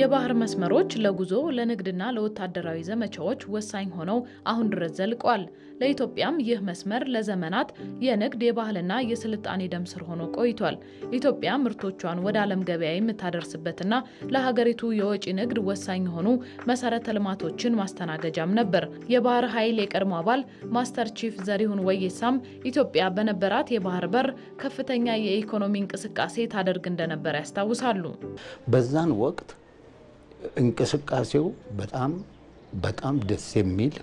የባህር መስመሮች ለጉዞ ለንግድና ለወታደራዊ ዘመቻዎች ወሳኝ ሆነው አሁን ድረስ ዘልቀዋል። ለኢትዮጵያም ይህ መስመር ለዘመናት የንግድ የባህልና የስልጣኔ ደም ስር ሆኖ ቆይቷል። ኢትዮጵያ ምርቶቿን ወደ ዓለም ገበያ የምታደርስበትና ለሀገሪቱ የወጪ ንግድ ወሳኝ የሆኑ መሰረተ ልማቶችን ማስተናገጃም ነበር። የባህር ኃይል የቀድሞ አባል ማስተር ቺፍ ዘሪሁን ወይሳም ኢትዮጵያ በነበራት የባህር በር ከፍተኛ የኢኮኖሚ እንቅስቃሴ ታደርግ እንደነበር ያስታውሳሉ። በዛን ወቅት እንቅስቃሴው በጣም በጣም ደስ የሚል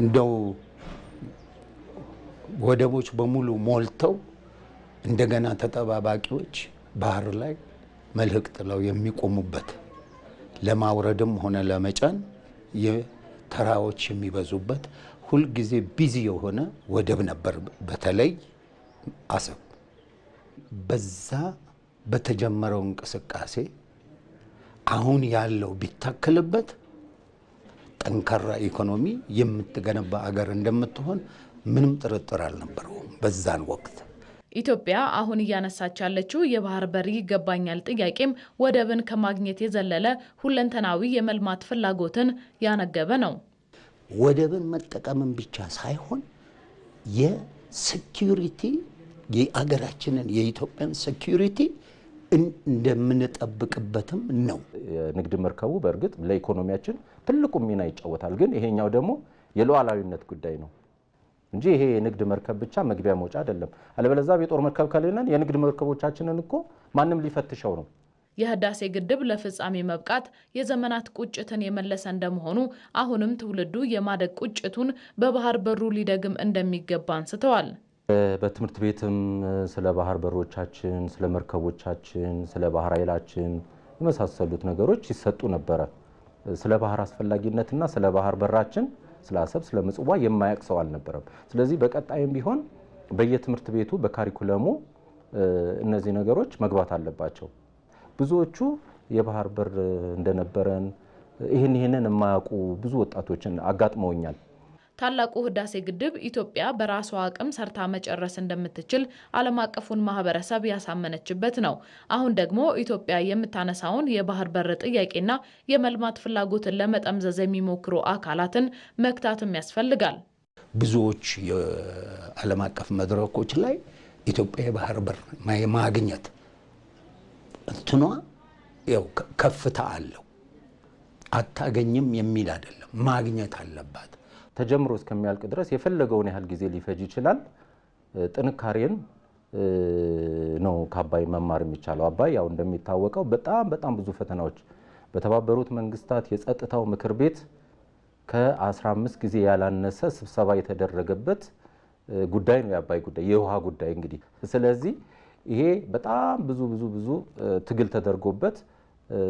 እንደው ወደቦች በሙሉ ሞልተው እንደገና ተጠባባቂዎች ባህር ላይ መልህቅ ጥለው የሚቆሙበት ለማውረድም ሆነ ለመጫን ተራዎች የሚበዙበት ሁልጊዜ ቢዚ የሆነ ወደብ ነበር። በተለይ አሰብ በዛ በተጀመረው እንቅስቃሴ አሁን ያለው ቢታከልበት ጠንካራ ኢኮኖሚ የምትገነባ አገር እንደምትሆን ምንም ጥርጥር አልነበረውም በዛን ወቅት። ኢትዮጵያ አሁን እያነሳች ያለችው የባህር በር ይገባኛል ጥያቄም ወደብን ከማግኘት የዘለለ ሁለንተናዊ የመልማት ፍላጎትን ያነገበ ነው። ወደብን መጠቀምን ብቻ ሳይሆን የሴኪሪቲ የአገራችንን የኢትዮጵያን ሴኪሪቲ እንደምንጠብቅበትም ነው። የንግድ መርከቡ በእርግጥ ለኢኮኖሚያችን ትልቁ ሚና ይጫወታል። ግን ይሄኛው ደግሞ የሉዓላዊነት ጉዳይ ነው እንጂ ይሄ የንግድ መርከብ ብቻ መግቢያ መውጫ አይደለም። አለበለዚያ የጦር መርከብ ከሌለን የንግድ መርከቦቻችንን እኮ ማንም ሊፈትሸው ነው። የህዳሴ ግድብ ለፍጻሜ መብቃት የዘመናት ቁጭትን የመለሰ እንደመሆኑ አሁንም ትውልዱ የማደግ ቁጭቱን በባህር በሩ ሊደግም እንደሚገባ አንስተዋል። በትምህርት ቤትም ስለ ባህር በሮቻችን፣ ስለ መርከቦቻችን፣ ስለ ባህር ኃይላችን የመሳሰሉት ነገሮች ይሰጡ ነበረ። ስለ ባህር አስፈላጊነትና ስለ ባህር በራችን፣ ስለ አሰብ፣ ስለ ምጽዋ የማያውቅ ሰው አልነበረም። ስለዚህ በቀጣይም ቢሆን በየትምህርት ቤቱ በካሪኩለሙ እነዚህ ነገሮች መግባት አለባቸው። ብዙዎቹ የባህር በር እንደነበረን ይህን ይህንን የማያውቁ ብዙ ወጣቶችን አጋጥመውኛል። ታላቁ ህዳሴ ግድብ ኢትዮጵያ በራሷ አቅም ሰርታ መጨረስ እንደምትችል ዓለም አቀፉን ማህበረሰብ ያሳመነችበት ነው። አሁን ደግሞ ኢትዮጵያ የምታነሳውን የባህር በር ጥያቄና የመልማት ፍላጎትን ለመጠምዘዝ የሚሞክሩ አካላትን መክታትም ያስፈልጋል። ብዙዎች የዓለም አቀፍ መድረኮች ላይ ኢትዮጵያ የባህር በር ማግኘት እንትኗ ያው ከፍታ አለው አታገኝም የሚል አይደለም፣ ማግኘት አለባት። ተጀምሮ እስከሚያልቅ ድረስ የፈለገውን ያህል ጊዜ ሊፈጅ ይችላል። ጥንካሬን ነው ከአባይ መማር የሚቻለው። አባይ ያው እንደሚታወቀው በጣም በጣም ብዙ ፈተናዎች በተባበሩት መንግስታት የጸጥታው ምክር ቤት ከ15 ጊዜ ያላነሰ ስብሰባ የተደረገበት ጉዳይ ነው የአባይ ጉዳይ የውሃ ጉዳይ እንግዲህ። ስለዚህ ይሄ በጣም ብዙ ብዙ ብዙ ትግል ተደርጎበት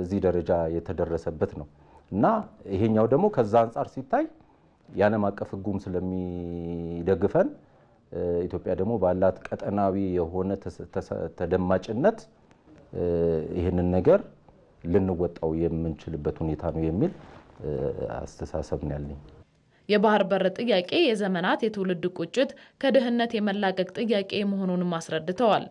እዚህ ደረጃ የተደረሰበት ነው እና ይሄኛው ደግሞ ከዛ አንጻር ሲታይ የዓለም አቀፍ ሕጉም ስለሚደግፈን ኢትዮጵያ ደግሞ ባላት ቀጠናዊ የሆነ ተደማጭነት ይህንን ነገር ልንወጣው የምንችልበት ሁኔታ ነው የሚል አስተሳሰብ ነው ያለኝ። የባህር በር ጥያቄ የዘመናት የትውልድ ቁጭት ከድህነት የመላቀቅ ጥያቄ መሆኑንም አስረድተዋል።